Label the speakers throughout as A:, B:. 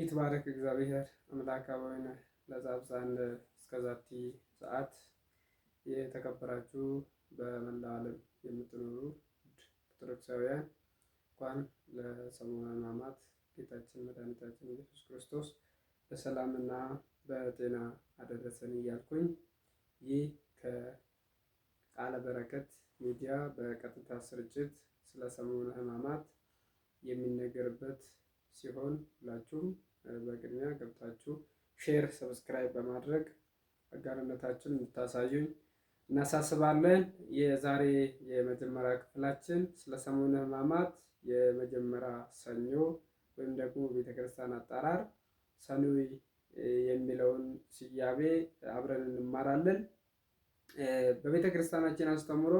A: ይትባረክ እግዚአብሔር አምላክ አባይነ ለዛብዛን እስከዛቲ ሰዓት የተከበራችሁ በመላው ዓለም የምትኖሩ ኦርቶዶክሳውያን እንኳን ለሰሙነ ሕማማት ጌታችን መድኃኒታችን ኢየሱስ ክርስቶስ በሰላምና በጤና አደረሰን እያልኩኝ ይህ ከቃለ በረከት ሚዲያ በቀጥታ ስርጭት ስለ ሰሙነ ሕማማት የሚነገርበት ሲሆን ሁላችሁም በቅድሚያ ገብታችሁ ሼር፣ ሰብስክራይብ በማድረግ አጋርነታችን እንድታሳዩኝ እናሳስባለን። የዛሬ የመጀመሪያ ክፍላችን ስለ ሰሙነ ሕማማት የመጀመሪያ ሰኞ ወይም ደግሞ ቤተክርስቲያን አጠራር ሰኑይ የሚለውን ስያሜ አብረን እንማራለን። በቤተክርስቲያናችን አስተምሮ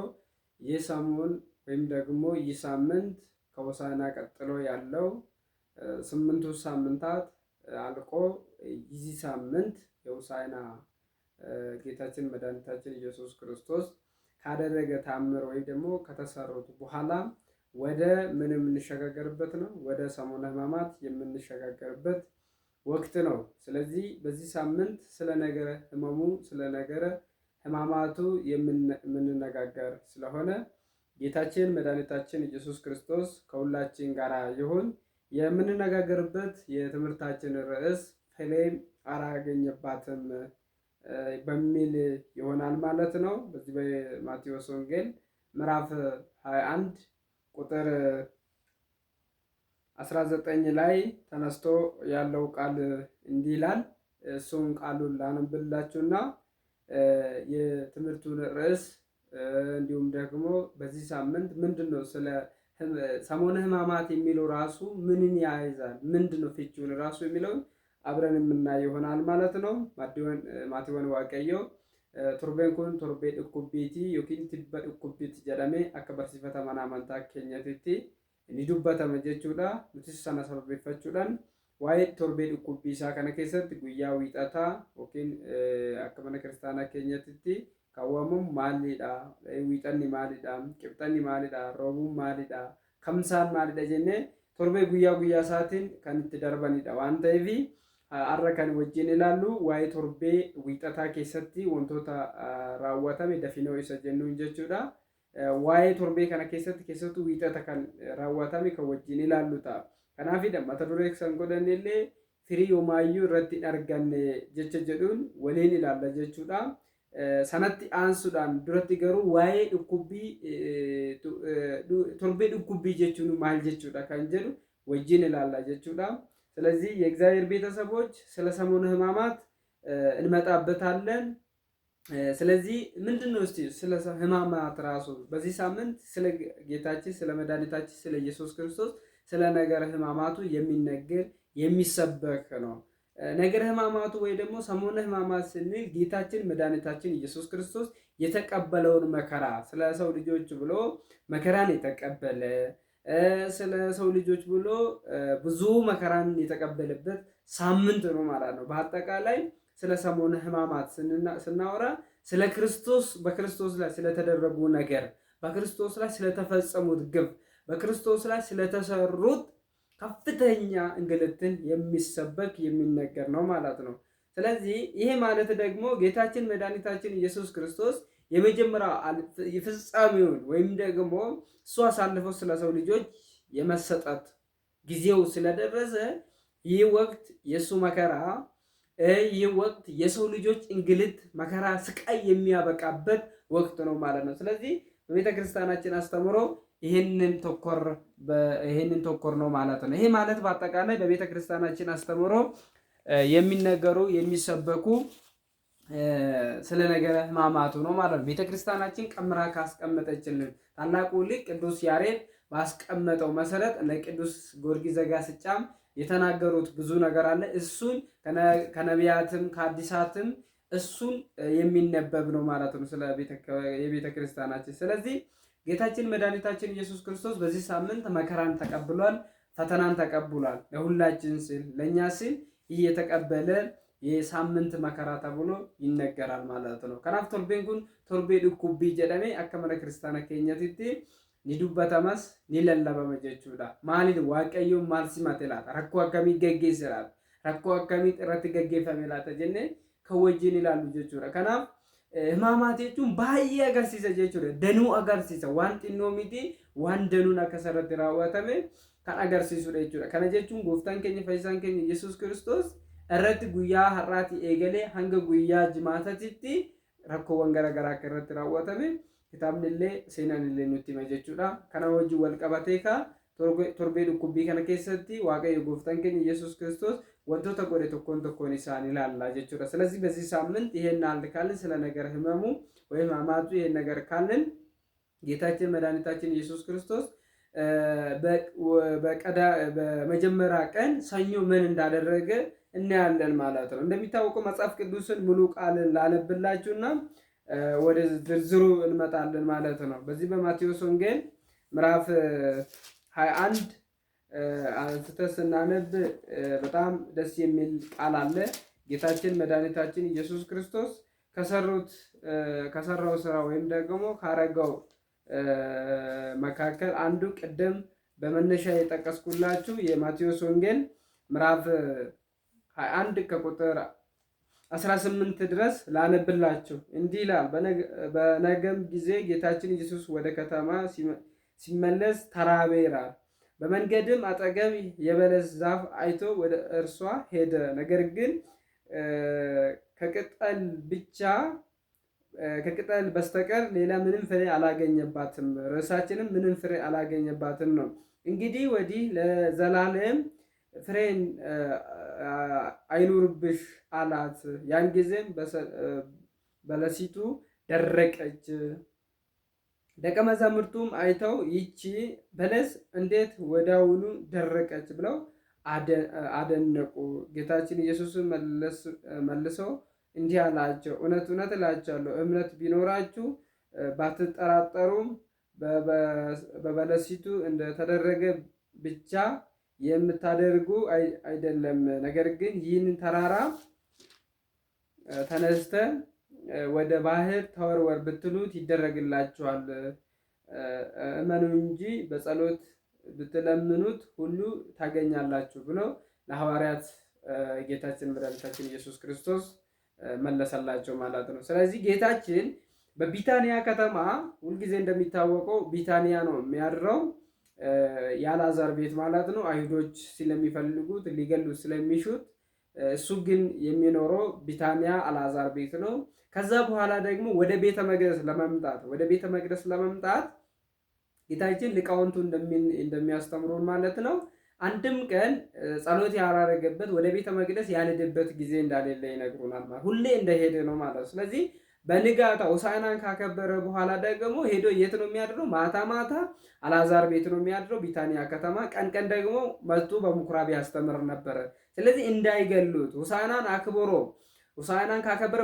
A: ይህ ሰሞን ወይም ደግሞ ይህ ሳምንት ከሆሳዕና ቀጥሎ ያለው ስምንቱ ሳምንታት አልቆ ይህ ሳምንት የውሳይና ጌታችን መድኃኒታችን ኢየሱስ ክርስቶስ ካደረገ ታምር ወይም ደግሞ ከተሰሩት በኋላ ወደ ምን የምንሸጋገርበት ነው? ወደ ሰሙነ ሕማማት የምንሸጋገርበት ወቅት ነው። ስለዚህ በዚህ ሳምንት ስለ ነገረ ሕመሙ ስለ ነገረ ሕማማቱ የምንነጋገር ስለሆነ ጌታችን መድኃኒታችን ኢየሱስ ክርስቶስ ከሁላችን ጋር ይሁን። የምንነጋገርበት የትምህርታችን ርዕስ ፌሌም አላገኘባትም በሚል ይሆናል ማለት ነው። በዚህ በማቴዎስ ወንጌል ምዕራፍ 21 ቁጥር 19 ላይ ተነስቶ ያለው ቃል እንዲህ ይላል። እሱን ቃሉን ላነብላችሁና የትምህርቱን ርዕስ እንዲሁም ደግሞ በዚህ ሳምንት ምንድን ነው ስለ ሰሞነ ሕማማት የሚለው ራሱ ምንን ያይዛል? ምንድን ነው ፍቺውን ራሱ የሚለውን አብረን የምናይ ይሆናል ማለት ነው። ማቴዎን ዋቀየው ቶርቤን ኩን ቶርቤ ዱኩቢቲ ዮኪን ቲበ ዱኩቢት ጀደሜ አከ በርሲፈተ መና አመንታ ኬኛቲቲ እኒ ዱበተመ ጀቹዳ ኑቲስ ሰነ ሰበቤፈቹዳን ዋኤ ቶርቤ ዱኩቢሳ ከነ ኬሰት ጉያ ዊጠታ ዮኪን አከ መነ ክርስቲያና ኬኛቲቲ Qawwamuun maalidha? Wiixanni maalidha? Qibxanni maalidha? Roobuun maalidha? Kamsaan maalidha jennee torbee guyyaa guyyaa isaatiin kan itti darbanidha waan ta'eef har'a kan wajjin ilaallu waa'ee torbee wiixataa keessatti wantoota raawwatame dafinoo isa jennuun jechuudha. Waa'ee torbee kana keessatti keessattuu wiixata kan raawwatame kan wajjin ilaallu ta'a. Kanaafidha mata duree kan godhanne illee firii hoomaayyuu irratti hin arganne jecha jedhuun waliin ilaalla jechuudha. sanatti aansuudhaan duratti garuu waa'ee dhukkubbii torbii dhukkubbii jechuun maal jechuudha kan jedhu wajjin ilaalla jechuudha። ስለዚህ የእግዚአብሔር ቤተሰቦች ስለ ሰሙነ ሕማማት እንመጣበታለን። ስለዚህ ምንድን ነው እስቲ ስለ ሕማማት ራሱ በዚህ ሳምንት ስለ ጌታችን ስለ መድኃኒታችን ስለ ኢየሱስ ክርስቶስ ስለ ነገር ሕማማቱ የሚነገር የሚሰበክ ነው። ነገረ ሕማማቱ ወይ ደግሞ ሰሞነ ሕማማት ስንል ጌታችን መድኃኒታችን ኢየሱስ ክርስቶስ የተቀበለውን መከራ ስለ ሰው ልጆች ብሎ መከራን የተቀበለ ስለ ሰው ልጆች ብሎ ብዙ መከራን የተቀበለበት ሳምንት ነው ማለት ነው። በአጠቃላይ ስለ ሰሞነ ሕማማት ስናወራ ስለ ክርስቶስ በክርስቶስ ላይ ስለተደረጉ ነገር፣ በክርስቶስ ላይ ስለተፈጸሙት ግብ፣ በክርስቶስ ላይ ስለተሰሩት ከፍተኛ እንግልትን የሚሰበክ የሚነገር ነው ማለት ነው። ስለዚህ ይሄ ማለት ደግሞ ጌታችን መድኃኒታችን ኢየሱስ ክርስቶስ የመጀመሪያ ፍጻሜውን ወይም ደግሞ እሱ አሳልፈው ስለ ሰው ልጆች የመሰጠት ጊዜው ስለደረሰ ይህ ወቅት የእሱ መከራ፣ ይህ ወቅት የሰው ልጆች እንግልት፣ መከራ፣ ስቃይ የሚያበቃበት ወቅት ነው ማለት ነው። ስለዚህ በቤተክርስቲያናችን አስተምሮ ይህንን ተኮር ይህንን ተኮር ነው ማለት ነው። ይሄ ማለት በአጠቃላይ በቤተ ክርስቲያናችን አስተምሮ የሚነገሩ የሚሰበኩ ስለ ነገረ ሕማማቱ ነው ማለት ነው። ቤተ ክርስቲያናችን ቀምራ ካስቀመጠችልን ታላቁ ሊቅ ቅዱስ ያሬድ ባስቀመጠው መሰረት እነ ቅዱስ ጊዮርጊስ ዘጋስጫም የተናገሩት ብዙ ነገር አለ። እሱን ከነቢያትም ከአዲሳትም እሱን የሚነበብ ነው ማለት ነው ስለ የቤተ ክርስቲያናችን ስለዚህ ጌታችን መድኃኒታችን ኢየሱስ ክርስቶስ በዚህ ሳምንት መከራን ተቀብሏል፣ ፈተናን ተቀብሏል። ለሁላችን ሲል ለእኛ ሲል እየተቀበለ የሳምንት መከራ ተብሎ ይነገራል ማለት ነው። ከናፍ ቶርቤን ኩን ቶርቤ ድኩቢ ጀደሜ አከመረ ክርስቲያና ኬኛቲቲ ኒዱበተመስ ኒለለበመ ጀቹዳ ማሊል ዋቀዮ ማልሲማቴላት ረኮ አከሚ ገጌ ስራት ረኮ አከሚ ጥረት ገጌ ፈሜላተ ጀኔ ከወጂን ይላሉ ጀቹዳ ከናፍ Himaamaa jechuun baay'ee agarsiisa jechuudha. Danuu agarsiisa. Waan xinnoo miti waan danuun akka sarratti raawwatame kan agarsiisudha jechuudha. Kana jechuun gooftaan keenya fayyisaan keenya Yesuus Kiristoos irratti guyyaa har'aati eegalee hanga guyyaa jimaatatitti rakkoowwan garaagaraa akka irratti raawwatame kitaabni illee seenaan illee nutti hima jechuudha. Kana wajjin wal qabatee torbee dhukkubbii kana keessatti waaqayyo gooftaan keenya Yesuus Kiristoos ወንቶተ ጎዴ tokkoon tokkoon ይሳን ilaallaa jechuudha ስለዚህ በዚህ ሳምንት ይሄን አልድ ካልን ስለ ነገር ህመሙ ወይም አማቱ ይሄን ነገር ካልን ጌታችን መድኃኒታችን ኢየሱስ ክርስቶስ በመጀመሪያ ቀን ሰኞ ምን እንዳደረገ እናያለን ማለት ነው። እንደሚታወቀው መጽሐፍ ቅዱስን ሙሉ ቃልን ላነብላችሁና ወደ ዝርዝሩ እንመጣለን ማለት ነው። በዚህ በማቴዎስ ወንጌል ምዕራፍ 21 አንስተን ስናነብ በጣም ደስ የሚል ቃል አለ። ጌታችን መድኃኒታችን ኢየሱስ ክርስቶስ ከሰሩት ከሰራው ስራ ወይም ደግሞ ካረገው መካከል አንዱ ቅድም በመነሻ የጠቀስኩላችሁ የማቴዎስ ወንጌል ምዕራፍ 21 ከቁጥር 18 ድረስ ላነብላችሁ። እንዲህ ይላል። በነገም ጊዜ ጌታችን ኢየሱስ ወደ ከተማ ሲመለስ ተራበ ይላል። በመንገድም አጠገብ የበለስ ዛፍ አይቶ ወደ እርሷ ሄደ። ነገር ግን ከቅጠል ብቻ ከቅጠል በስተቀር ሌላ ምንም ፍሬ አላገኘባትም። ርዕሳችንም ምንም ፍሬ አላገኘባትም ነው። እንግዲህ ወዲህ ለዘላለም ፍሬን አይኑርብሽ አላት። ያን ጊዜም በለሲቱ ደረቀች። ደቀ መዛሙርቱም አይተው ይቺ በለስ እንዴት ወዳውኑ ደረቀች ብለው አደነቁ። ጌታችን ኢየሱስ መልሰው እንዲህ አላቸው፣ እውነት እውነት እላቸዋለሁ እምነት ቢኖራችሁ ባትጠራጠሩም በበለሲቱ እንደተደረገ ብቻ የምታደርጉ አይደለም። ነገር ግን ይህን ተራራ ተነስተ ወደ ባህር ተወርወር ብትሉት ይደረግላችኋል። እመኑ እንጂ በጸሎት ብትለምኑት ሁሉ ታገኛላችሁ ብሎ ለሐዋርያት ጌታችን መድኃኒታችን ኢየሱስ ክርስቶስ መለሰላቸው ማለት ነው። ስለዚህ ጌታችን በቢታንያ ከተማ ሁልጊዜ እንደሚታወቀው ቢታንያ ነው የሚያድረው፣ የአልዓዛር ቤት ማለት ነው። አይሁዶች ስለሚፈልጉት ሊገሉት ስለሚሹት እሱ ግን የሚኖረው ቢታንያ አልዓዛር ቤት ነው። ከዛ በኋላ ደግሞ ወደ ቤተ መቅደስ ለመምጣት ወደ ቤተ መቅደስ ለመምጣት ጌታችን ሊቃውንቱ እንደሚያስተምሩን ማለት ነው አንድም ቀን ጸሎት ያላረገበት ወደ ቤተ መቅደስ ያልሄደበት ጊዜ እንዳሌለ ይነግሩናል። ማለት ሁሌ እንደሄደ ነው ማለት። ስለዚህ በንጋታ ሆሳዕናን ካከበረ በኋላ ደግሞ ሄዶ የት ነው የሚያድረው? ማታ ማታ አልዓዛር ቤት ነው የሚያድረው ቢታንያ ከተማ። ቀን ቀን ደግሞ መጡ በምኩራብ ያስተምር ነበረ። ስለዚህ እንዳይገሉት ውሳናን አክብሮ ውሳናን ካከበረ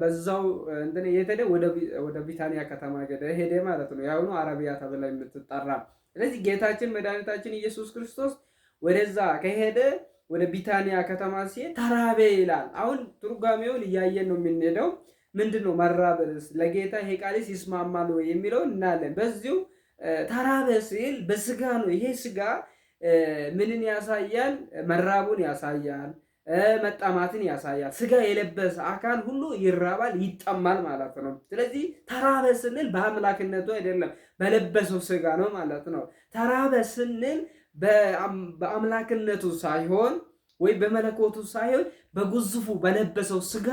A: በዛው እንትን የተደ ወደ ቢታንያ ከተማ ገደ ሄደ ማለት ነው። ያሁኑ አረቢያ ተብላ የምትጠራ ስለዚህ ጌታችን መድኃኒታችን ኢየሱስ ክርስቶስ ወደዛ ከሄደ ወደ ቢታንያ ከተማ ሲሄድ ተራበ ይላል። አሁን ትርጓሜውን እያየን ነው የምንሄደው። ምንድን ነው መራበስ ለጌታ ይሄ ቃልስ ይስማማል ወይ የሚለውን እናያለን። በዚሁ ተራበ ሲል በስጋ ነው ይሄ ስጋ ምንን ያሳያል? መራቡን ያሳያል፣ መጠማትን ያሳያል። ስጋ የለበሰ አካል ሁሉ ይራባል፣ ይጠማል ማለት ነው። ስለዚህ ተራበ ስንል በአምላክነቱ አይደለም በለበሰው ስጋ ነው ማለት ነው። ተራበ ስንል በአምላክነቱ ሳይሆን ወይም በመለኮቱ ሳይሆን በግዙፉ በለበሰው ስጋ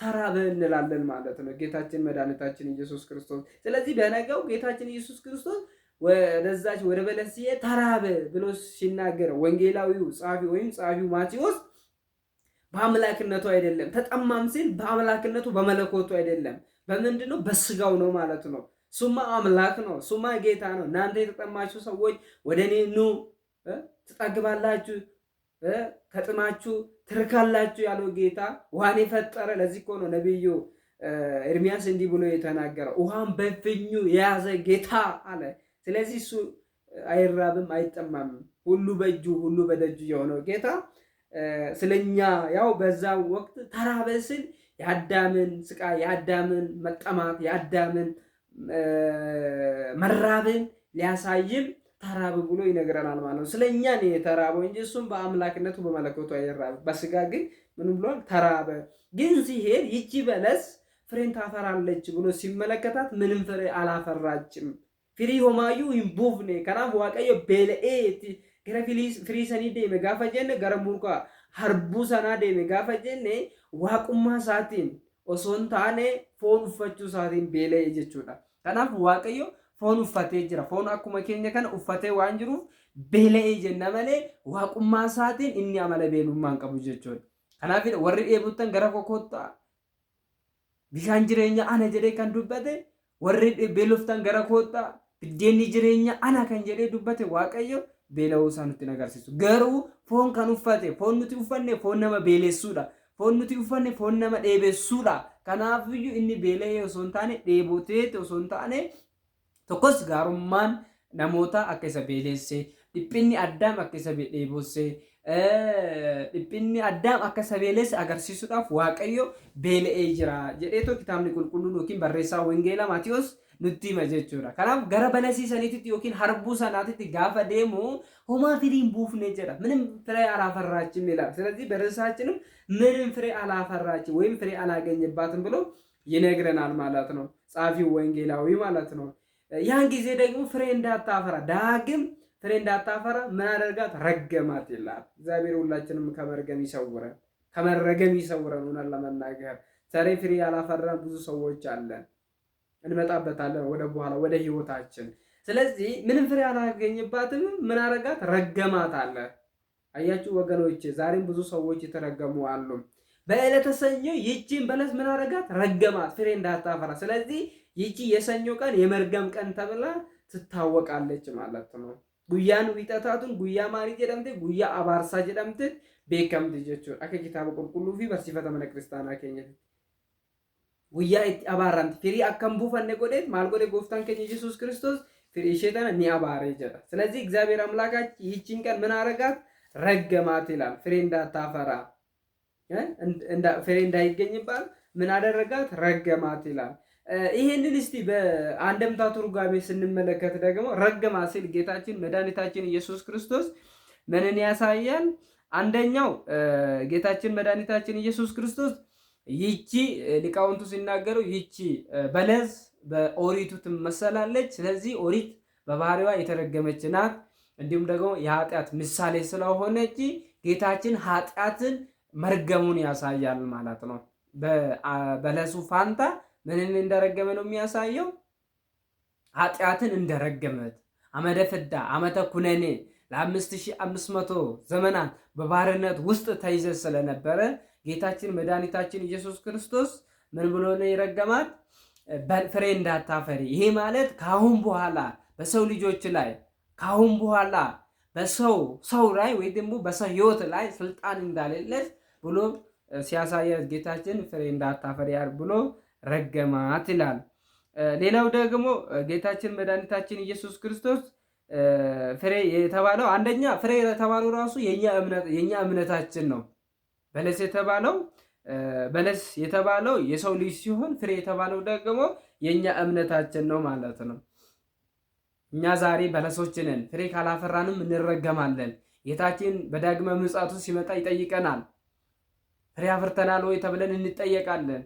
A: ተራበ እንላለን ማለት ነው። ጌታችን መድኃኒታችን ኢየሱስ ክርስቶስ ስለዚህ በነገው ጌታችን ኢየሱስ ክርስቶስ ወደዛች ወደ በለስ ተራበ ብሎ ሲናገር ወንጌላዊው ጸሐፊ ወይም ጸሐፊው ማቴዎስ በአምላክነቱ አይደለም፣ ተጠማም ሲል በአምላክነቱ በመለኮቱ አይደለም። በምንድን ነው? በስጋው ነው ማለት ነው። ሱማ አምላክ ነው፣ ሱማ ጌታ ነው። እናንተ የተጠማችሁ ሰዎች ወደ እኔ ኑ ትጠግባላችሁ፣ ከጥማችሁ ትርካላችሁ ያለው ጌታ ውሃን የፈጠረ ለዚህ እኮ ነው ነቢዩ ኤርሚያስ እንዲህ ብሎ የተናገረው ውሃን በፍኙ የያዘ ጌታ አለ። ስለዚህ እሱ አይራብም አይጠማም። ሁሉ በእጁ ሁሉ በደጁ የሆነው ጌታ ስለኛ ያው በዛ ወቅት ተራበ ስል የአዳምን ስቃይ የአዳምን መጠማት የአዳምን መራብን ሊያሳይም ተራብ ብሎ ይነግረናል ማለት ነው። ስለኛ ነው የተራበው እንጂ እሱም በአምላክነቱ በመለኮቱ አይራብ። በስጋ ግን ምን ብሏል? ተራበ። ግን ሲሄድ ይቺ በለስ ፍሬን ታፈራለች ብሎ ሲመለከታት ምንም ፍሬ አላፈራችም። firii homaayyuu hin buufne kanaaf waaqayyo beela'eetti gara firii sanii deeme gaafa jenne gara muka harbuu sanaa deeme gaafa jenne waaqummaa isaatiin osoo hin taane foon uffachuu isaatiin beela'ee jechuudha. Kanaaf waaqayyo foon uffatee jira. Foon akkuma keenya kana uffatee waan jiruuf beela'ee jenna malee waaqummaa isaatiin inni amala beelummaa hin qabu jechuudha. Kanaaf warri dheebottan gara kokoottaa bishaan jireenya ana jedhee kan dubbate warri beeloftan gara koottaa biddeenni jireenya ana kan jedhee dubbate waaqayyo beela'uu isaa nutti agarsiisu. Garuu foon kan uffate foon nuti uffanne foon nama beelessuudha. Foon nuti uffanne foon nama dheebessuudha. kanaaf iyyuu inni beela'ee osoo hin taane dheebotee osoo hin taane tokkos gaarummaan namoota akka isa beelesse dhiphinni addaam akka isa dheebosse dhiphinni addaam akka isa beelesse agarsiisuudhaaf waaqayyo beela'ee jira jedheetoo kitaabni qulqulluun yookiin barreessaa Wangeelaa Maatiyoos. nutti hima jechuudha. Kanaaf gara banasii saniitti yookiin harbuu sanaatitti gaafa deemu homaa firiin buufne jedha. ምንም ፍሬ አላፈራችም ይላል። ስለዚህ በርዕሳችንም ምንም ፍሬ አላፈራችም ወይም ፍሬ አላገኘባትም ብሎ ይነግረናል ማለት ነው ጻፊው ወንጌላዊ ማለት ነው። ያን ጊዜ ደግሞ ፍሬ እንዳታፈራ ዳግም ፍሬ እንዳታፈራ ምን አደርጋት ረገማት ይላል። እግዚአብሔር ሁላችንም ከመርገም ይሰውረን፣ ከመረገም ይሰውረን። ሆነን ለመናገር ዛሬ ፍሬ ያላፈራን ብዙ ሰዎች አለን። እንመጣበታለን ወደ በኋላ ወደ ህይወታችን። ስለዚህ ምንም ፍሬ አላገኝባትም። ምን አረጋት? ረገማት አለ። አያችሁ ወገኖቼ፣ ዛሬም ብዙ ሰዎች የተረገሙ አሉ። በዕለተ ሰኞ ይቺን በለስ ምን አረጋት? ረገማት፣ ፍሬ እንዳታፈራ። ስለዚህ ይቺ የሰኞ ቀን የመርገም ቀን ተብላ ትታወቃለች ማለት ነው። ጉያን ዊጠታቱን ጉያ ማሪ ጀደምቴ ጉያ አባርሳ ጀደምቴ ቤከም ጀቹ አከ ኪታብ ቁልቁሉ ፊ በርሲፈተ መነ ክርስቲያና ኬኘ guyyaa itti abaaramte firii akkan buufanne godheet maal godhe gooftaan keenya yesuus kiristoos firii ishee tana ni abaaree jedha ስለዚህ እግዚአብሔር አምላካች ይህችን ቀን ምን አረጋት ረገማት ይላል ፍሬ እንዳታፈራ ፍሬ እንዳይገኝባል ምን አደረጋት ረገማት ይላል ይሄንን እስቲ በአንደምታ ትርጓሜ ስንመለከት ደግሞ ረገማ ሲል ጌታችን መድኃኒታችን ኢየሱስ ክርስቶስ ምንን ያሳያል? አንደኛው ጌታችን መድኃኒታችን ኢየሱስ ክርስቶስ ይቺ ሊቃውንቱ ሲናገሩ ይቺ በለስ በኦሪቱ ትመሰላለች። ስለዚህ ኦሪት በባህሪዋ የተረገመች ናት። እንዲሁም ደግሞ የኃጢአት ምሳሌ ስለሆነች ጌታችን ኃጢአትን መርገሙን ያሳያል ማለት ነው። በለሱ ፋንታ ምንን እንደረገመ ነው የሚያሳየው? ኃጢአትን እንደረገመት አመደ ፍዳ አመተ ኩነኔ ለ ሺህ ዘመናት በባርነት ውስጥ ተይዘ ስለነበረ ጌታችን መድኃኒታችን ኢየሱስ ክርስቶስ ምን ብሎ ነው የረገማት? ፍሬ እንዳታፈሪ። ይሄ ማለት ከአሁን በኋላ በሰው ልጆች ላይ ከአሁን በኋላ በሰው ሰው ላይ ወይ ደግሞ በሰው ህይወት ላይ ስልጣን እንዳሌለሽ ብሎ ሲያሳየ ጌታችን ፍሬ እንዳታፈሪ ብሎ ረገማት ይላል። ሌላው ደግሞ ጌታችን መድኃኒታችን ኢየሱስ ክርስቶስ ፍሬ የተባለው አንደኛ ፍሬ የተባለው ራሱ የእኛ እምነታችን ነው። በለስ የተባለው በለስ የተባለው የሰው ልጅ ሲሆን ፍሬ የተባለው ደግሞ የእኛ እምነታችን ነው ማለት ነው። እኛ ዛሬ በለሶች ነን፣ ፍሬ ካላፈራንም እንረገማለን። ጌታችን በዳግመ ምጽአቱ ሲመጣ ይጠይቀናል። ፍሬ አፍርተናል ወይ ተብለን እንጠየቃለን።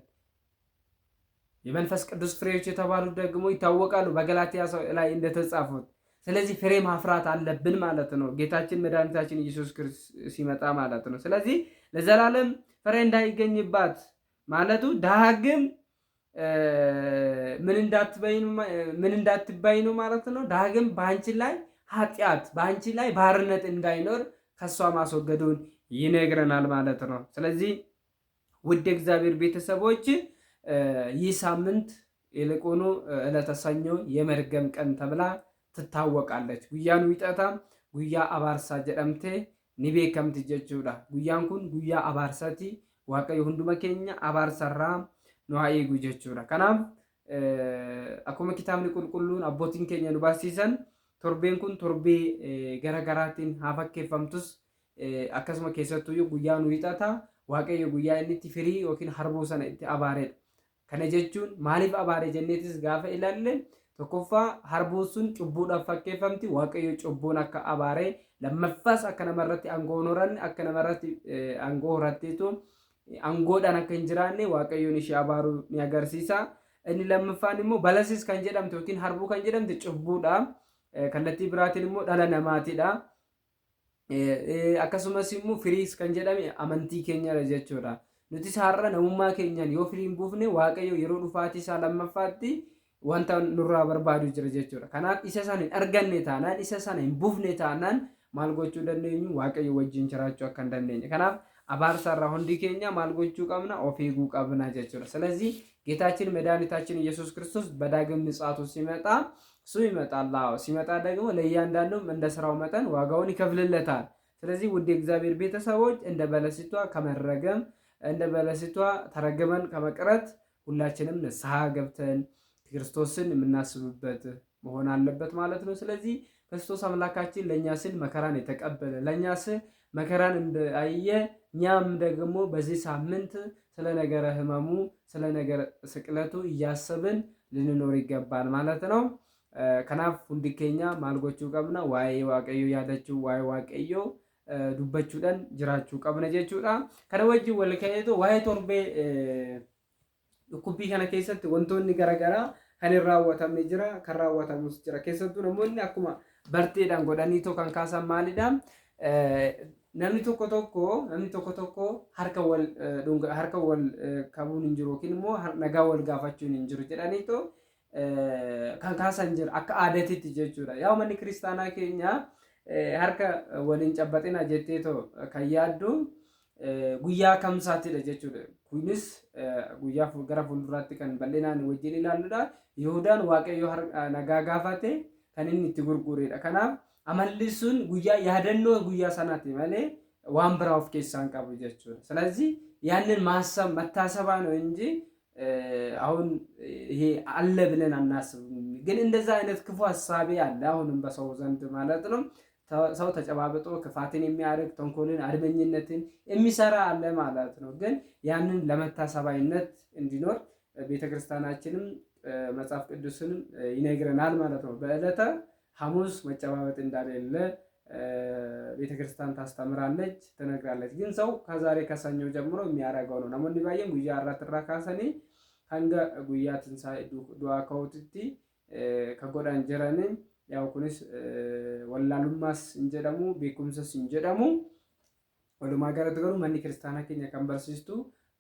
A: የመንፈስ ቅዱስ ፍሬዎች የተባሉት ደግሞ ይታወቃሉ በገላትያ ላይ እንደተጻፉት ስለዚህ ፍሬ ማፍራት አለብን ማለት ነው። ጌታችን መድኃኒታችን ኢየሱስ ክርስቶስ ሲመጣ ማለት ነው። ስለዚህ ለዘላለም ፍሬ እንዳይገኝባት ማለቱ ዳግም ምን እንዳትባይ ነው ማለት ነው። ዳግም በአንቺ ላይ ኃጢአት በአንቺ ላይ ባርነት እንዳይኖር ከእሷ ማስወገዱን ይነግረናል ማለት ነው። ስለዚህ ውድ እግዚአብሔር ቤተሰቦች ይህ ሳምንት ይልቁኑ ዕለተ ሰኞ የመርገም ቀን ተብላ ትታወቃለች ጉያን ዊጠታ ጉያ አባርሳ ጀደምቴ ኒቤ ከምት ጀችውዳ ጉያን ኩን ጉያ አባርሰቲ ዋቀዩ ሁንዱ መኬኛ አባርሰራ ነዋኤ ጉ ጀችውዳ አኮመ ኪታብኒ ቁልቁሉን አቦቲን ኬኛ ንባርሲሰን ቶርቤን ኩን ቶርቤ ገረገራቲን ሀፈኬፈምቱስ አከስመ ኬሰቱዩ ጉያን ዊጠታ ዋቀዩ ጉያ እንቲ ፍሪ ወኪን ሀርቦሰነ እቲ አባሬ ከነ ማሊፍ አባሬ ጀኔትስ ጋፈ ኢላለን tokkoffaa harbuun sun cubbuudhaaf fakkeeffamti waaqayyo cubbuun akka abaaree lammaffas akka namarratti aangoo horanne akka namarratti aangoo horatteetu aangoodhaan akka hin jiraanne waaqayyoon ishee abaaruu ni agarsiisa inni lammaffaan immoo balasis kan jedhamte yookiin harbuu kan jedhamte cubbuudha kallattii biraatiin immoo dhala namaatiidha akkasumas immoo firiis kan jedhame amantii keenyadha jechuudha nutis har'a namummaa keenyaan yoo firii hin buufne waaqayyo yeroo dhufaatii isaa lammaffaatti. wanta nurraa barbaadu jira jechuudha. Kanaaf isa sana hin arganne taanaan isa sana hin buufne taanaan maal gochuu dandeenyu waaqayyo wajjin jiraachuu akka hin dandeenye. Kanaaf abaarsarraa hundi keenya maal gochuu qabna of eeguu qabna jechuudha. ስለዚህ ጌታችን መድኃኒታችን ኢየሱስ ክርስቶስ በዳግም ምጽአቱ ሲመጣ እሱ ይመጣል። አዎ ሲመጣ ደግሞ ለእያንዳንዱም እንደ ስራው መጠን ዋጋውን ይከፍልለታል። ስለዚህ ውድ የእግዚአብሔር ቤተሰቦች እንደ በለሲቷ ከመረገም እንደ በለሲቷ ተረግመን ከመቅረት ሁላችንም ንስሐ ገብተን ክርስቶስን የምናስብበት መሆን አለበት ማለት ነው። ስለዚህ ክርስቶስ አምላካችን ለእኛ ስል መከራን የተቀበለ ለእኛ ስል መከራን እንዳየ እኛም ደግሞ በዚህ ሳምንት ስለ ነገረ ሕመሙ ስለ ነገረ ስቅለቱ እያሰብን ልንኖር ይገባል ማለት ነው። ከናፍ ሁንዲኬኛ ማልጎቹ ቀብና ዋይ ዋቀዮ ያደችው ዋይ ዋቀዮ ዱበቹ ደን ጅራቹ ቀብነ ጀቹዳ ከነወጅ ወልከይቶ ዋይ ቶርቤ ኩቢ ከነ ከይሰት ወንቶን ገረገራ kan hin raawwatamne jira kan raawwatamus jira keessattuu namoonni akkuma barteedhaan godhanii kan kaasan maalidha namni tokko tokko namni tokko tokko harka wal harka wal qabuun hin jiru yookiin immoo nagaa wal gaafachuun hin jiru jedhaniito kan kaasan jira akka aadatitti jechuudha yaa manni kiristaanaa keenya harka waliin cabbaxina jetteetoo kan yaaddu guyyaa kamsaattidha jechuudha kunis guyyaa gara fuulduraatti kan bal'inaan wajjin ilaalludha Yihudaan waaqayyo ah, nagaa gaafate kan inni itti gurguredha. Kanaaf amalli sun guyyaa yaadannoo guyyaa sanaati malee waan biraa of keessaa hin qabu jechuudha. ስለዚህ ያንን ማሰብ መታሰባ ነው እንጂ አሁን ይሄ አለ ብለን አናስብም። ግን እንደዛ አይነት ክፉ ሀሳቤ አለ አሁንም በሰው ዘንድ ማለት ነው። ሰው ተጨባብጦ ክፋትን የሚያደርግ ተንኮልን፣ አድመኝነትን የሚሰራ አለ ማለት ነው። ግን ያንን ለመታሰባይነት እንዲኖር ቤተክርስቲያናችንም መጽሐፍ ቅዱስን ይነግረናል ማለት ነው። በዕለተ ሐሙስ መጨባበጥ እንዳሌለ ቤተክርስቲያን ታስተምራለች፣ ትነግራለች። ግን ሰው ከዛሬ ከሰኞ ጀምሮ የሚያደርገው ነው። ነሞኒ ባየም ጉያ አራትራ ካሰኒ ከንገ ጉያ ትንሳኤ ዱዋ ከውትቲ ከጎዳን ጀረንን ያው ኩንስ ወላሉማስ እንጀደሙ ቤኩምሰስ እንጀደሙ ወሉማ ገረት ገሩ መኒ ክርስቲያና ኬኛ ከንበርሲስቱ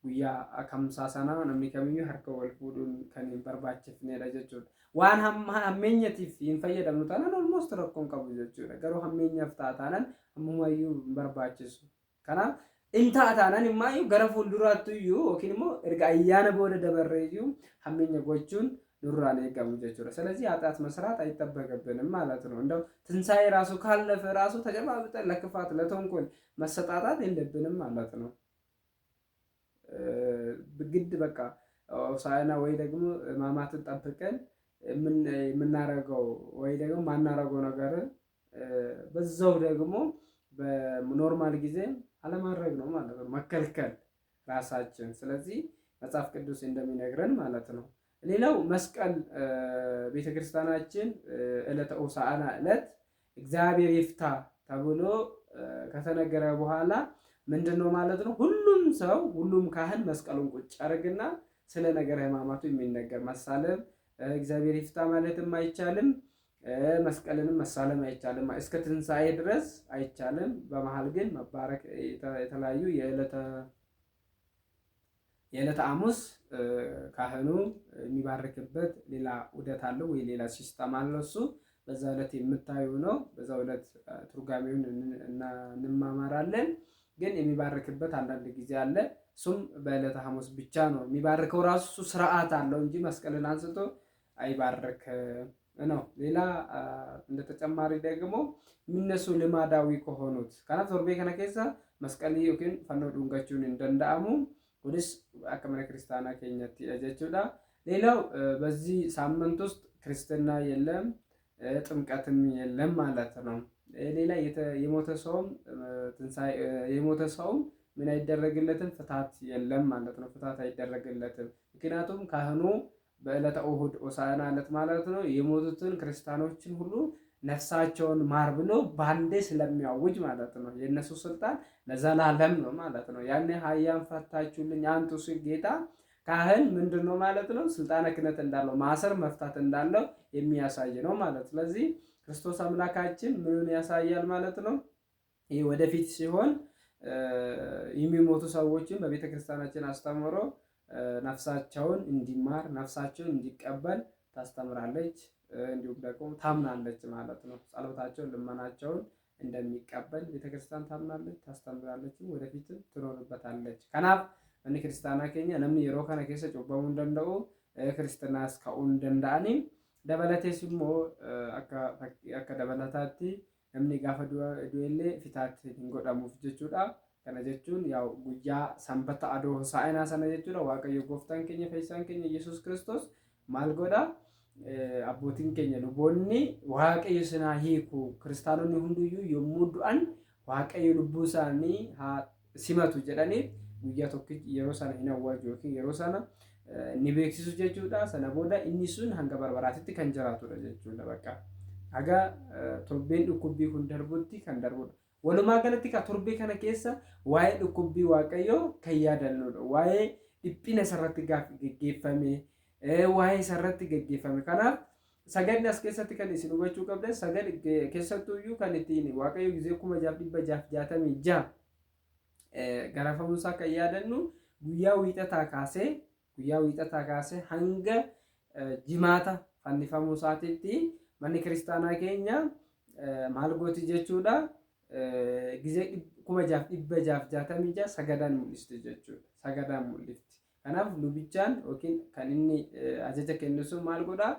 A: guyyaa akkamsaa sanaa namni kamiyyuu harka wal fuudhuun kan hin barbaachifnedha jechuudha. Waan hammeenyatiif hin fayyadamnu taanaan olmost rakkoon qabu jechuudha. Garuu hammeenyaaf ta'a taanaan ammumayyuu hin barbaachisu. Kanaaf hin ta'a taataanan himmaayyuu gara fuulduraatti iyyuu yookiin immoo erga ayyaana booda dabarree iyyuu hammeenya gochuun eegamu ኑሯን የገቡ ጀችሮ ስለዚህ ኃጢአት መስራት አይጠበቅብንም ማለት ነው። እንደው ትንሣኤ ራሱ ካለፈ ራሱ ተጨባብጠን ለክፋት ለተንኮል መሰጣጣት የለብንም ማለት ነው። ግድ በቃ ሆሳዕና ወይ ደግሞ ሕማማትን ጠብቀን የምናረገው ወይ ደግሞ ማናረገው ነገር በዛው ደግሞ በኖርማል ጊዜ አለማድረግ ነው ማለት ነው፣ መከልከል ራሳችን። ስለዚህ መጽሐፍ ቅዱስ እንደሚነግረን ማለት ነው። ሌላው መስቀል ቤተክርስቲያናችን ዕለተ ሆሳዕና ዕለት እግዚአብሔር ይፍታ ተብሎ ከተነገረ በኋላ ምንድን ነው ማለት ነው? ሁሉም ሰው ሁሉም ካህን መስቀሉን ቁጭ ያደርግና ስለ ነገር ሕማማቱ የሚነገር መሳለም እግዚአብሔር ይፍታ ማለትም አይቻልም። መስቀልንም መሳለም አይቻልም። እስከ ትንሣኤ ድረስ አይቻልም። በመሀል ግን መባረክ የተለያዩ የዕለተ የዕለተ ሐሙስ ካህኑ የሚባርክበት ሌላ ውደት አለው ወይ ሌላ ሲስተም አለው። እሱ በዛ ዕለት የምታዩ ነው። በዛ ዕለት ትርጓሜውን እንማማራለን። ግን የሚባርክበት አንዳንድ ጊዜ አለ። እሱም በዕለተ ሐሙስ ብቻ ነው የሚባርከው። ራሱ እሱ ስርዓት አለው እንጂ መስቀልን አንስቶ አይባርክ ነው። ሌላ እንደ ተጨማሪ ደግሞ የሚነሱ ልማዳዊ ከሆኑት ከና ቶርቤ ከነኬሳ መስቀል ዮኪን ፈኖ ዱንገችን እንደንዳአሙ ወደስ አከመነ ክርስቲያና ኬኛት ያጀችሁዳ። ሌላው በዚህ ሳምንት ውስጥ ክርስትና የለም ጥምቀትም የለም ማለት ነው። ሌላ የሞተ ሰውም የሞተ ሰውም ምን አይደረግለትም? ፍታት የለም ማለት ነው። ፍታት አይደረግለትም። ምክንያቱም ካህኑ በዕለተ እሑድ ሆሳዕና ዕለት ማለት ነው የሞቱትን ክርስቲያኖችን ሁሉ ነፍሳቸውን ማር ብሎ ባንዴ ስለሚያውጅ ማለት ነው። የእነሱ ስልጣን ለዘላለም ነው ማለት ነው። ያኔ ሀያን ፈታችሁልኝ አንቱ ሲል ጌታ ካህን ምንድን ነው ማለት ነው ስልጣነ ክህነት እንዳለው ማሰር መፍታት እንዳለው የሚያሳይ ነው ማለት ስለዚህ ክርስቶስ አምላካችን ምንን ያሳያል ማለት ነው? ይህ ወደፊት ሲሆን የሚሞቱ ሰዎችን በቤተ ክርስቲያናችን አስተምሮ ነፍሳቸውን እንዲማር ነፍሳቸውን እንዲቀበል ታስተምራለች፣ እንዲሁም ደግሞ ታምናለች ማለት ነው። ጸሎታቸውን ልመናቸውን እንደሚቀበል ቤተክርስቲያን ታምናለች፣ ታስተምራለችም ወደፊትም ትኖርበታለች። ከናፍ እኒ ክርስቲያና ኬኛ ነምን የሮከነ ኬሰ ጮበሙ እንደንደኡ ክርስትና እስከ እንደንዳኒ Dabalatees immoo akka akka dabalataatti namni gaafa du'ellee fitaatti hin godhamuuf jechuudha. Kana jechuun yaa guyyaa sanbata aduu saayinaa sana jechuudha. Waaqayyo gooftaan keenya fayyisaan keenya Yesuus Kiristoos maal godha? Abbootiin keenya luboonni waaqayyo sanaa hiiku kiristaanonni hunduyyuu yommuu du'an waaqayyo lubbuu isaanii haa simatu jedhanii guyyaa tokkichi yeroo sana hin awwaaju yookiin yeroo sana inni beeksisu jechuudha. Sana booda inni sun hanga barbaraatitti kan jiraatudha jechuudha bakka. aga torbeen dhukkubbii kun darbutti kan darbudha. Walumaa galatti ka torbee kana keessa waa'ee dhukkubbii waaqayyoo kan yaadannudha. Waa'ee dhiphina isarratti gaggeeffame waa'ee isarratti gaggeeffame Kanaaf sagadni as keessatti kan isin hubachuu sagal keessattuu iyyuu kan ittiin waaqayyo gizee kuma jaaf dhibba jaaf jaatamii jaa garafamuusaa kan yaadannu guyyaa wiixataa kaasee guyyaa wiixataa kaasee hanga jimaata fannifamu isaatiitti manni kiristaanaa keenya maal gooti jechuudha gizee kuma jaaf dhibba jaaf jaatamii jaa sagadaan mul'isti jechuudha sagadaan mul'ifti. Kanaaf lubichaan yookiin kan inni ajaja kennu sun maal godhaa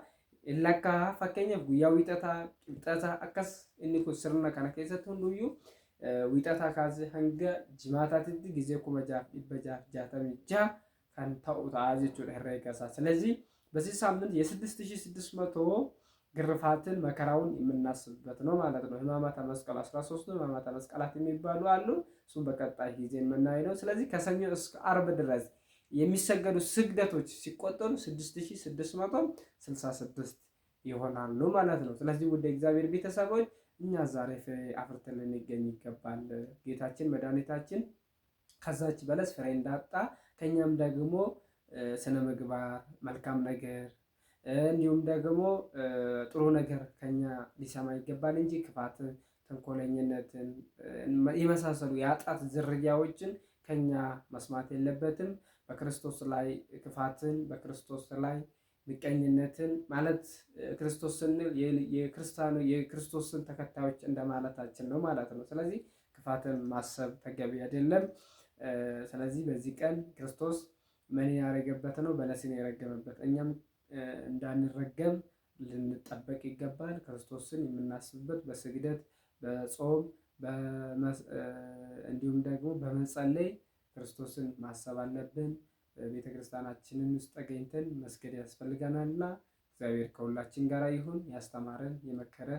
A: lakkaa fakkeenyaaf guyyaa wiixataa qixxataa akkas inni kun sirna kana keessatti hunduyyuu wiixataa kaasee hanga jimaataatitti gizee kuma jaaf dhibba jaaf jaatamii jaha. kan ta'udha jechuudha ስለዚህ በዚህ ሳምንት የ6600 ግርፋትን መከራውን የምናስብበት ነው ማለት ነው። ህማማተ መስቀል 13 ህማማተ መስቀላት የሚባሉ አሉ። እሱም በቀጣይ ጊዜ የምናይ ነው። ስለዚህ ከሰኞ እስከ አርብ ድረስ የሚሰገዱ ስግደቶች ሲቆጠሩ 6666 ይሆናሉ ማለት ነው። ስለዚህ ወደ እግዚአብሔር ቤተሰቦች እኛ ዛሬ ፍሬ አፍርተን ልንገኝ ይገባል። ጌታችን መድኃኒታችን ከዛች በለስ ፍሬ እንዳጣ ከኛም ደግሞ ስነ ምግባር፣ መልካም ነገር እንዲሁም ደግሞ ጥሩ ነገር ከኛ ሊሰማ ይገባል እንጂ ክፋትን፣ ተንኮለኝነትን የመሳሰሉ የአጣት ዝርያዎችን ከኛ መስማት የለበትም። በክርስቶስ ላይ ክፋትን፣ በክርስቶስ ላይ ምቀኝነትን ማለት ክርስቶስ ስንል የክርስቲያኑ የክርስቶስን ተከታዮች እንደማለታችን ነው ማለት ነው። ስለዚህ ክፋትን ማሰብ ተገቢ አይደለም። ስለዚህ በዚህ ቀን ክርስቶስ ምን ያደረገበት ነው? በለስን የረገመበት። እኛም እንዳንረገም ልንጠበቅ ይገባል። ክርስቶስን የምናስብበት በስግደት በጾም እንዲሁም ደግሞ በመጸለይ ክርስቶስን ማሰብ አለብን። ቤተ ክርስቲያናችንን ውስጥ ተገኝተን መስገድ ያስፈልገናልና እግዚአብሔር ከሁላችን ጋር ይሁን። ያስተማረን የመከረ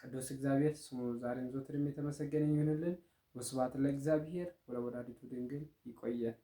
A: ቅዱስ እግዚአብሔር ስሙ ዛሬም ዘወትርም የተመሰገነ ይሁንልን። ወስብሐት ለእግዚአብሔር ወለወላዲቱ ድንግል። ይቆየን።